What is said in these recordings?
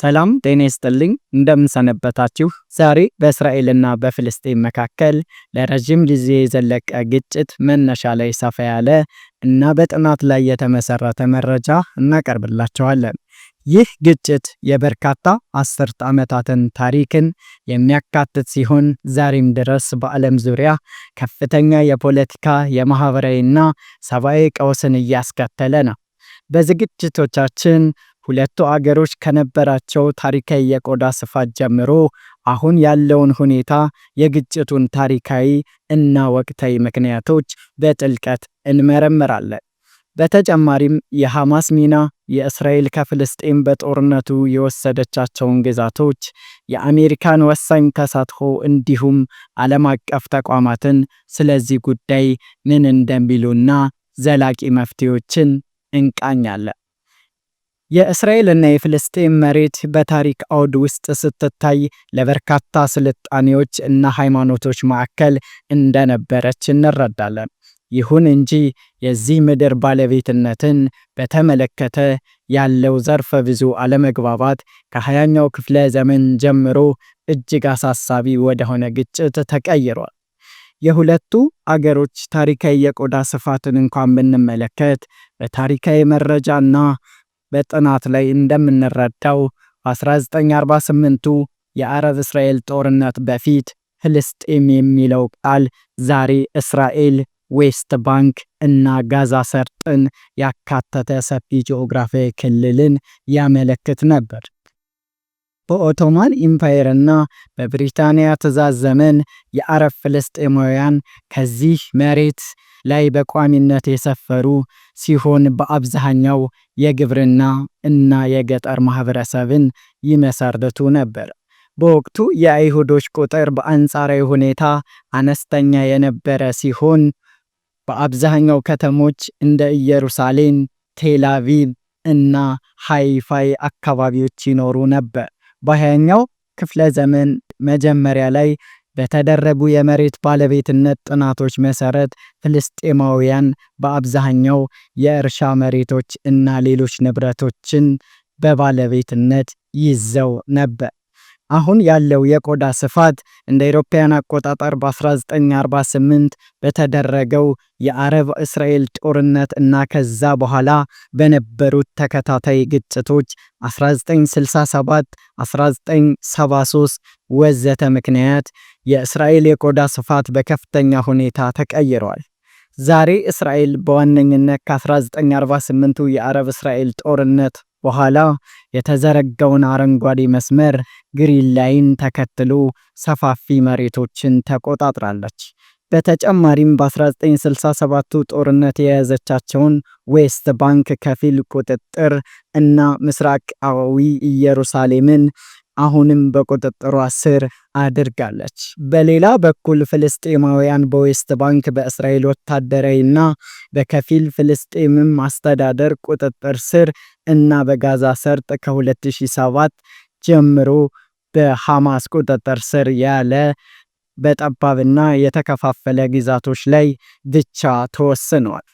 ሰላም ጤና ይስጥልኝ፣ እንደምንሰነበታችሁ። ዛሬ በእስራኤልና በፍልስጤም መካከል ለረዥም ጊዜ የዘለቀ ግጭት መነሻ ላይ ሰፋ ያለ እና በጥናት ላይ የተመሰረተ መረጃ እናቀርብላችኋለን። ይህ ግጭት የበርካታ አስርት ዓመታትን ታሪክን የሚያካትት ሲሆን ዛሬም ድረስ በዓለም ዙሪያ ከፍተኛ የፖለቲካ የማኅበራዊና ሰብአዊ ቀውስን እያስከተለ ነው። በዝግጅቶቻችን ሁለቱ አገሮች ከነበራቸው ታሪካዊ የቆዳ ስፋት ጀምሮ አሁን ያለውን ሁኔታ፣ የግጭቱን ታሪካዊ እና ወቅታዊ ምክንያቶች በጥልቀት እንመረምራለን። በተጨማሪም የሐማስ ሚና፣ የእስራኤል ከፍልስጤም በጦርነቱ የወሰደቻቸውን ግዛቶች፣ የአሜሪካን ወሳኝ ተሳትፎ እንዲሁም ዓለም አቀፍ ተቋማትን ስለዚህ ጉዳይ ምን እንደሚሉና ዘላቂ መፍትሄዎችን እንቃኛለን። የእስራኤልና የፍልስጤም መሬት በታሪክ አውድ ውስጥ ስትታይ ለበርካታ ስልጣኔዎች እና ሃይማኖቶች ማዕከል እንደነበረች እንረዳለን። ይሁን እንጂ የዚህ ምድር ባለቤትነትን በተመለከተ ያለው ዘርፈ ብዙ አለመግባባት ከ ኛው ክፍለ ዘመን ጀምሮ እጅግ አሳሳቢ ወደሆነ ግጭት ተቀይሯል። የሁለቱ አገሮች ታሪካዊ የቆዳ ስፋትን እንኳን ብንመለከት በታሪካዊ መረጃና በጥናት ላይ እንደምንረዳው 1948ቱ የአረብ እስራኤል ጦርነት በፊት ፍልስጤም የሚለው ቃል ዛሬ እስራኤል፣ ዌስት ባንክ እና ጋዛ ሰርጥን ያካተተ ሰፊ ጂኦግራፊያዊ ክልልን ያመለክት ነበር። በኦቶማን ኢምፓየር እና በብሪታንያ ትእዛዝ ዘመን የአረብ ፍልስጤማውያን ከዚህ መሬት ላይ በቋሚነት የሰፈሩ ሲሆን በአብዛኛው የግብርና እና የገጠር ማህበረሰብን ይመሰርቱ ነበር። በወቅቱ የአይሁዶች ቁጥር በአንጻራዊ ሁኔታ አነስተኛ የነበረ ሲሆን በአብዛኛው ከተሞች እንደ ኢየሩሳሌም፣ ቴላቪቭ እና ሃይፋይ አካባቢዎች ይኖሩ ነበር። በሃያኛው ክፍለ ዘመን መጀመሪያ ላይ በተደረጉ የመሬት ባለቤትነት ጥናቶች መሰረት ፍልስጤማውያን በአብዛኛው የእርሻ መሬቶች እና ሌሎች ንብረቶችን በባለቤትነት ይዘው ነበር። አሁን ያለው የቆዳ ስፋት እንደ አውሮፓውያን አቆጣጠር በ1948 በተደረገው የአረብ እስራኤል ጦርነት እና ከዛ በኋላ በነበሩት ተከታታይ ግጭቶች 1967፣ 1973 ወዘተ ምክንያት የእስራኤል የቆዳ ስፋት በከፍተኛ ሁኔታ ተቀይሯል። ዛሬ እስራኤል በዋነኝነት ከ1948ቱ የአረብ እስራኤል ጦርነት በኋላ የተዘረጋውን አረንጓዴ መስመር ግሪን ላይን ተከትሎ ሰፋፊ መሬቶችን ተቆጣጥራለች። በተጨማሪም በ1967ቱ ጦርነት የያዘቻቸውን ዌስት ባንክ ከፊል ቁጥጥር እና ምስራቃዊ ኢየሩሳሌምን አሁንም በቁጥጥሯ ስር አድርጋለች። በሌላ በኩል ፍልስጤማውያን በዌስት ባንክ በእስራኤል ወታደራዊና በከፊል ፍልስጤምም አስተዳደር ቁጥጥር ስር እና በጋዛ ሰርጥ ከ2007 ጀምሮ በሐማስ ቁጥጥር ስር ያለ በጠባብና የተከፋፈለ ግዛቶች ላይ ብቻ ተወስኗል።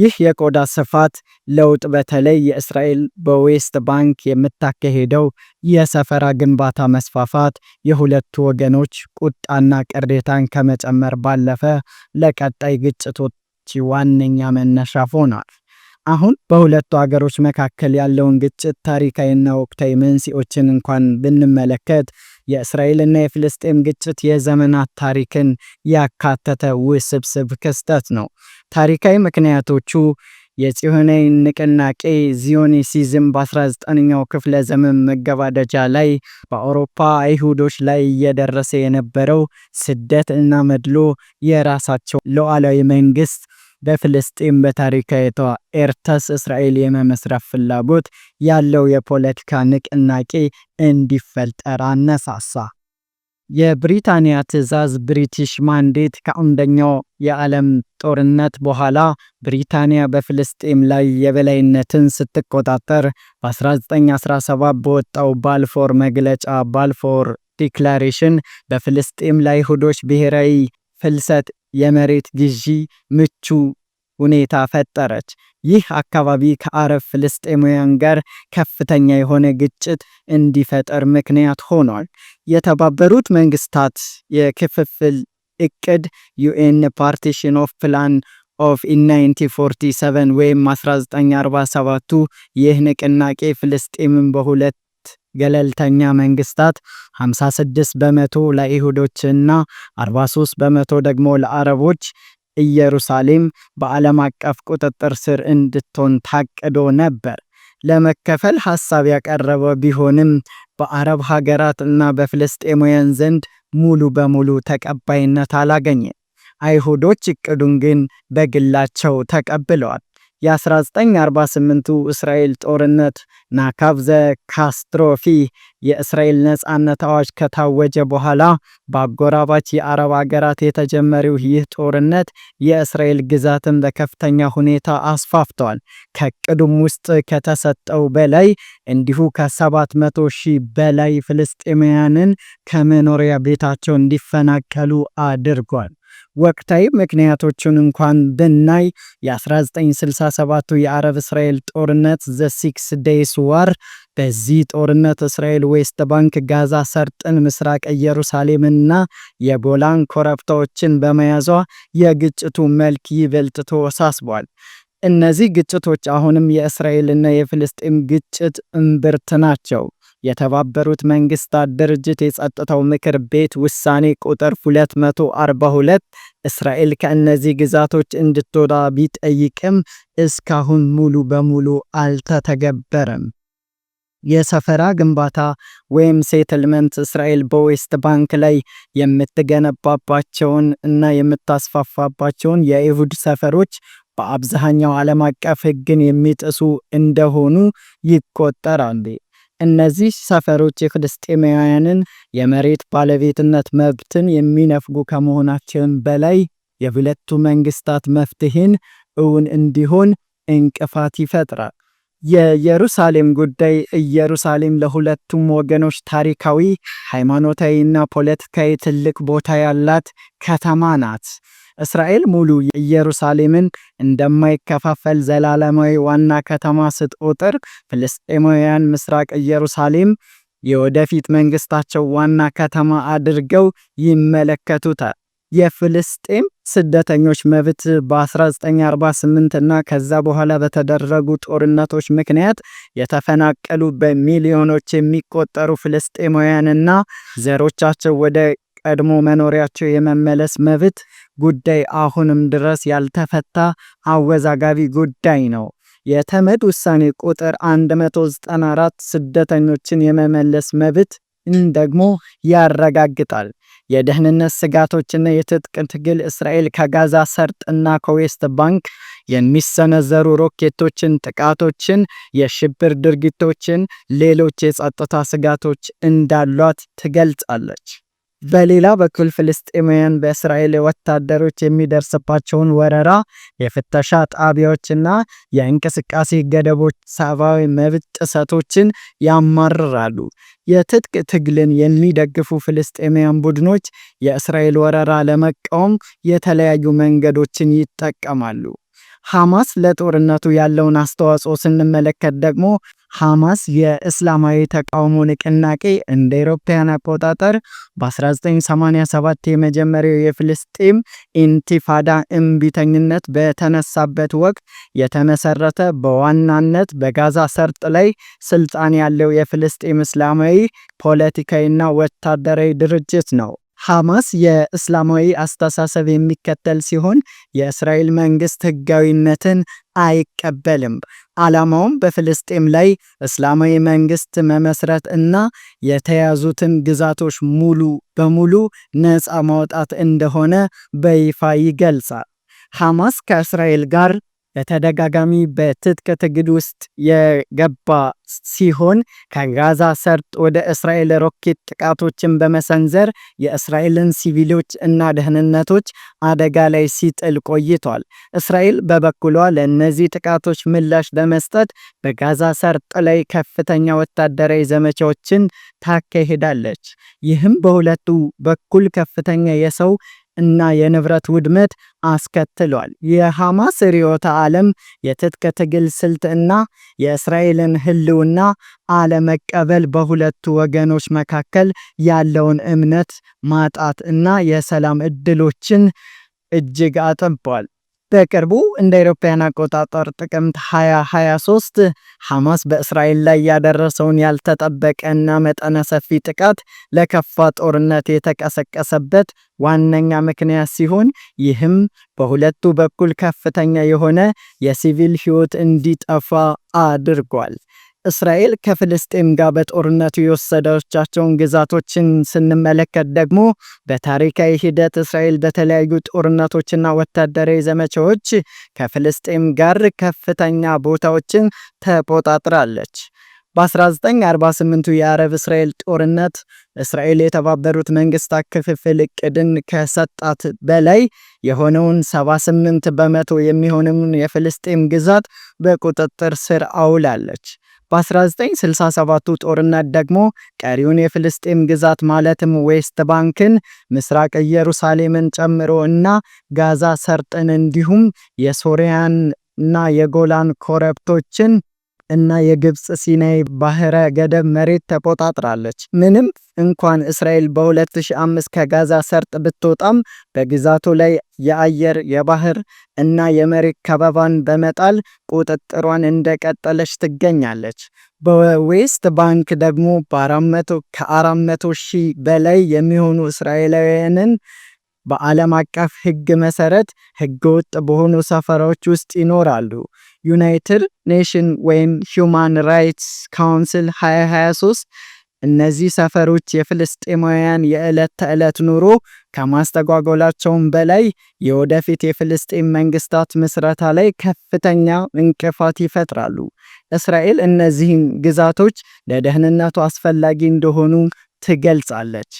ይህ የቆዳ ስፋት ለውጥ በተለይ የእስራኤል በዌስት ባንክ የምታካሄደው የሰፈራ ግንባታ መስፋፋት የሁለቱ ወገኖች ቁጣና ቅሬታን ከመጨመር ባለፈ ለቀጣይ ግጭቶች ዋነኛ መነሻ ሆኗል። አሁን በሁለቱ ሀገሮች መካከል ያለውን ግጭት ታሪካዊና ወቅታዊ መንስኤዎችን እንኳን ብንመለከት የእስራኤልና የፍልስጤም ግጭት የዘመናት ታሪክን ያካተተ ውስብስብ ክስተት ነው። ታሪካዊ ምክንያቶቹ የጽዮናዊ ንቅናቄ ዚዮኒሲዝም በ19ኛው ክፍለ ዘመን መገባደጃ ላይ በአውሮፓ አይሁዶች ላይ እየደረሰ የነበረው ስደት እና መድሎ፣ የራሳቸው ሉዓላዊ መንግስት በፍልስጤም በታሪካዊቷ ኤርተስ እስራኤል የመመስረት ፍላጎት ያለው የፖለቲካ ንቅናቄ እንዲፈጠር አነሳሳ። የብሪታንያ ትዕዛዝ ብሪቲሽ ማንዴት ከአንደኛው የዓለም ጦርነት በኋላ ብሪታንያ በፍልስጤም ላይ የበላይነትን ስትቆጣጠር በ1917 በወጣው ባልፎር መግለጫ ባልፎር ዲክላሬሽን በፍልስጤም ላይ አይሁዶች ብሔራዊ ፍልሰት የመሬት ግዢ ምቹ ሁኔታ ፈጠረች። ይህ አካባቢ ከአረብ ፍልስጤማውያን ጋር ከፍተኛ የሆነ ግጭት እንዲፈጠር ምክንያት ሆኗል። የተባበሩት መንግስታት የክፍፍል እቅድ ዩኤን ፓርቲሽን ኦፍ ፕላን ኦፍ 1947 ወይም 1947ቱ ይህ ንቅናቄ ፍልስጤምን በሁለት ገለልተኛ መንግስታት 56 በመቶ ለይሁዶችና 43 በመቶ ደግሞ ለአረቦች ኢየሩሳሌም በዓለም አቀፍ ቁጥጥር ስር እንድትሆን ታቅዶ ነበር። ለመከፈል ሐሳብ ያቀረበ ቢሆንም በአረብ ሀገራት እና በፍልስጤማውያን ዘንድ ሙሉ በሙሉ ተቀባይነት አላገኘ። አይሁዶች እቅዱን ግን በግላቸው ተቀብለዋል። የ1948ቱ እስራኤል ጦርነት ናካብዘ ካስትሮፊ የእስራኤል ነፃነት አዋጅ ከታወጀ በኋላ በአጎራባች የአረብ አገራት የተጀመረው ይህ ጦርነት የእስራኤል ግዛትን በከፍተኛ ሁኔታ አስፋፍቷል። ከቅዱም ውስጥ ከተሰጠው በላይ እንዲሁ ከ700 ሺህ በላይ ፍልስጤማውያንን ከመኖሪያ ቤታቸው እንዲፈናቀሉ አድርጓል። ወቅታዊ ምክንያቶቹን እንኳን ብናይ የ1967ቱ የአረብ እስራኤል ጦርነት ዘ ሲክስ ዴይስ ዋር በዚህ ጦርነት እስራኤል ዌስት ባንክ፣ ጋዛ ሰርጥን፣ ምስራቅ ኢየሩሳሌምና የጎላን ኮረብታዎችን በመያዟ የግጭቱ መልክ ይበልጥ ተወሳስቧል። እነዚህ ግጭቶች አሁንም የእስራኤልና የፍልስጤም ግጭት እምብርት ናቸው። የተባበሩት መንግስታት ድርጅት የጸጥታው ምክር ቤት ውሳኔ ቁጥር 242 እስራኤል ከእነዚህ ግዛቶች እንድትወጣ ቢጠይቅም እስካሁን ሙሉ በሙሉ አልተተገበረም። የሰፈራ ግንባታ ወይም ሴትልመንት እስራኤል በዌስት ባንክ ላይ የምትገነባባቸውን እና የምታስፋፋባቸውን የይሁድ ሰፈሮች በአብዛኛው ዓለም አቀፍ ሕግን የሚጥሱ እንደሆኑ ይቆጠራል። እነዚህ ሰፈሮች የፍልስጤማውያንን የመሬት ባለቤትነት መብትን የሚነፍጉ ከመሆናቸውም በላይ የሁለቱ መንግስታት መፍትሄን እውን እንዲሆን እንቅፋት ይፈጥራል። የኢየሩሳሌም ጉዳይ ኢየሩሳሌም ለሁለቱም ወገኖች ታሪካዊ፣ ሃይማኖታዊና ፖለቲካዊ ትልቅ ቦታ ያላት ከተማ ናት። እስራኤል ሙሉ ኢየሩሳሌምን እንደማይከፋፈል ዘላለማዊ ዋና ከተማ ስትቆጥር፣ ፍልስጤማውያን ምስራቅ ኢየሩሳሌም የወደፊት መንግስታቸው ዋና ከተማ አድርገው ይመለከቱታል። የፍልስጤም ስደተኞች መብት በ1948 እና ከዛ በኋላ በተደረጉ ጦርነቶች ምክንያት የተፈናቀሉ በሚሊዮኖች የሚቆጠሩ ፍልስጤማውያንና ዘሮቻቸው ወደ ቀድሞ መኖሪያቸው የመመለስ መብት ጉዳይ አሁንም ድረስ ያልተፈታ አወዛጋቢ ጉዳይ ነው። የተመድ ውሳኔ ቁጥር 194 ስደተኞችን የመመለስ መብት ደግሞ ያረጋግጣል። የደህንነት ስጋቶችና የትጥቅ ትግል እስራኤል ከጋዛ ሰርጥ እና ከዌስት ባንክ የሚሰነዘሩ ሮኬቶችን፣ ጥቃቶችን፣ የሽብር ድርጊቶችን፣ ሌሎች የጸጥታ ስጋቶች እንዳሏት ትገልጻለች። በሌላ በኩል ፍልስጤማውያን በእስራኤል ወታደሮች የሚደርስባቸውን ወረራ፣ የፍተሻ ጣቢያዎችና የእንቅስቃሴ ገደቦች ሰብአዊ መብት ጥሰቶችን ያማርራሉ። የትጥቅ ትግልን የሚደግፉ ፍልስጤማውያን ቡድኖች የእስራኤል ወረራ ለመቃወም የተለያዩ መንገዶችን ይጠቀማሉ። ሐማስ ለጦርነቱ ያለውን አስተዋጽኦ ስንመለከት ደግሞ ሐማስ የእስላማዊ ተቃውሞ ንቅናቄ እንደ አውሮፓውያን አቆጣጠር በ1987 የመጀመሪያው የፍልስጤም ኢንቲፋዳ እምቢተኝነት በተነሳበት ወቅት የተመሰረተ በዋናነት በጋዛ ሰርጥ ላይ ስልጣን ያለው የፍልስጤም እስላማዊ ፖለቲካዊና ወታደራዊ ድርጅት ነው። ሐማስ የእስላማዊ አስተሳሰብ የሚከተል ሲሆን የእስራኤል መንግስት ህጋዊነትን አይቀበልም። ዓላማውም በፍልስጤም ላይ እስላማዊ መንግስት መመስረት እና የተያዙትን ግዛቶች ሙሉ በሙሉ ነፃ ማውጣት እንደሆነ በይፋ ይገልጻል። ሐማስ ከእስራኤል ጋር በተደጋጋሚ በትጥቅ ትግል ውስጥ የገባ ሲሆን ከጋዛ ሰርጥ ወደ እስራኤል ሮኬት ጥቃቶችን በመሰንዘር የእስራኤልን ሲቪሎች እና ደህንነቶች አደጋ ላይ ሲጥል ቆይቷል። እስራኤል በበኩሏ ለእነዚህ ጥቃቶች ምላሽ በመስጠት በጋዛ ሰርጥ ላይ ከፍተኛ ወታደራዊ ዘመቻዎችን ታካሂዳለች። ይህም በሁለቱ በኩል ከፍተኛ የሰው እና የንብረት ውድመት አስከትሏል። የሐማስ ርዕዮተ ዓለም የትጥቅ ትግል ስልት እና የእስራኤልን ህልውና አለመቀበል በሁለቱ ወገኖች መካከል ያለውን እምነት ማጣት እና የሰላም እድሎችን እጅግ አጥቧል። በቅርቡ እንደ አውሮፓውያን አቆጣጠር ጥቅምት 2023 ሐማስ በእስራኤል ላይ ያደረሰውን ያልተጠበቀና መጠነ ሰፊ ጥቃት ለከፋ ጦርነት የተቀሰቀሰበት ዋነኛ ምክንያት ሲሆን ይህም በሁለቱ በኩል ከፍተኛ የሆነ የሲቪል ሕይወት እንዲጠፋ አድርጓል። እስራኤል ከፍልስጤም ጋር በጦርነቱ የወሰደቻቸውን ግዛቶችን ስንመለከት ደግሞ በታሪካዊ ሂደት እስራኤል በተለያዩ ጦርነቶችና ወታደራዊ ዘመቻዎች ከፍልስጤም ጋር ከፍተኛ ቦታዎችን ተቆጣጥራለች። በ1948ቱ የአረብ እስራኤል ጦርነት እስራኤል የተባበሩት መንግስታት ክፍፍል እቅድን ከሰጣት በላይ የሆነውን 78 በመቶ የሚሆነውን የፍልስጤም ግዛት በቁጥጥር ስር አውላለች። በ1967ቱ ጦርነት ደግሞ ቀሪውን የፍልስጤም ግዛት ማለትም ዌስት ባንክን፣ ምስራቅ ኢየሩሳሌምን ጨምሮ እና ጋዛ ሰርጥን እንዲሁም የሶሪያን እና የጎላን ኮረብቶችን እና የግብፅ ሲናይ ባህረ ገደብ መሬት ተቆጣጥራለች። ምንም እንኳን እስራኤል በ2005 ከጋዛ ሰርጥ ብትወጣም በግዛቱ ላይ የአየር፣ የባህር እና የመሬት ከበባን በመጣል ቁጥጥሯን እንደቀጠለች ትገኛለች። በዌስት ባንክ ደግሞ ከ400 ሺህ በላይ የሚሆኑ እስራኤላውያንን በዓለም አቀፍ ሕግ መሰረት ህገወጥ በሆኑ ሰፈራዎች ውስጥ ይኖራሉ። ዩናይትድ ኔሽን ወይም ሁማን ራይትስ ካውንስል 2023 እነዚህ ሰፈሮች የፍልስጤማውያን የዕለት ተዕለት ኑሮ ከማስተጓጎላቸውም በላይ የወደፊት የፍልስጤም መንግስታት ምስረታ ላይ ከፍተኛ እንቅፋት ይፈጥራሉ። እስራኤል እነዚህን ግዛቶች ለደህንነቱ አስፈላጊ እንደሆኑ ትገልጻለች።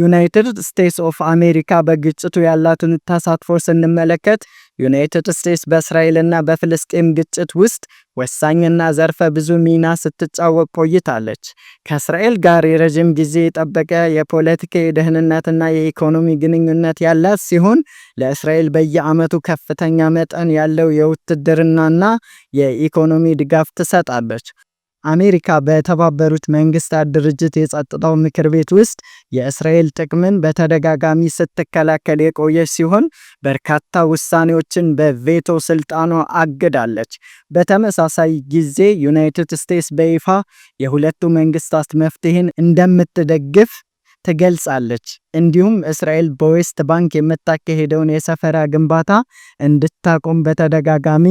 ዩናይትድ ስቴትስ ኦፍ አሜሪካ በግጭቱ ያላትን ተሳትፎ ስንመለከት ዩናይትድ ስቴትስ በእስራኤልና በፍልስጤም ግጭት ውስጥ ወሳኝና ዘርፈ ብዙ ሚና ስትጫወት ቆይታለች። ከእስራኤል ጋር የረዥም ጊዜ የጠበቀ የፖለቲካ የደህንነትና የኢኮኖሚ ግንኙነት ያላት ሲሆን ለእስራኤል በየዓመቱ ከፍተኛ መጠን ያለው የውትድርናና የኢኮኖሚ ድጋፍ ትሰጣለች። አሜሪካ በተባበሩት መንግስታት ድርጅት የጸጥታው ምክር ቤት ውስጥ የእስራኤል ጥቅምን በተደጋጋሚ ስትከላከል የቆየች ሲሆን በርካታ ውሳኔዎችን በቬቶ ስልጣኗ አግዳለች። በተመሳሳይ ጊዜ ዩናይትድ ስቴትስ በይፋ የሁለቱ መንግስታት መፍትሄን እንደምትደግፍ ትገልጻለች። እንዲሁም እስራኤል በዌስት ባንክ የምታካሄደውን የሰፈራ ግንባታ እንድታቆም በተደጋጋሚ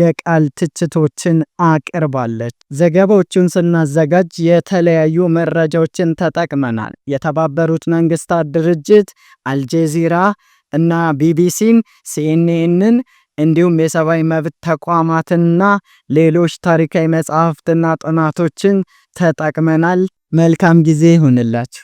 የቃል ትችቶችን አቅርባለች። ዘገባዎቹን ስናዘጋጅ የተለያዩ መረጃዎችን ተጠቅመናል። የተባበሩት መንግስታት ድርጅት፣ አልጄዚራ እና ቢቢሲን፣ ሲኤንኤንን እንዲሁም የሰብአዊ መብት ተቋማትና ሌሎች ታሪካዊ መጽሐፍትና ጥናቶችን ተጠቅመናል። መልካም ጊዜ ይሁንላችሁ።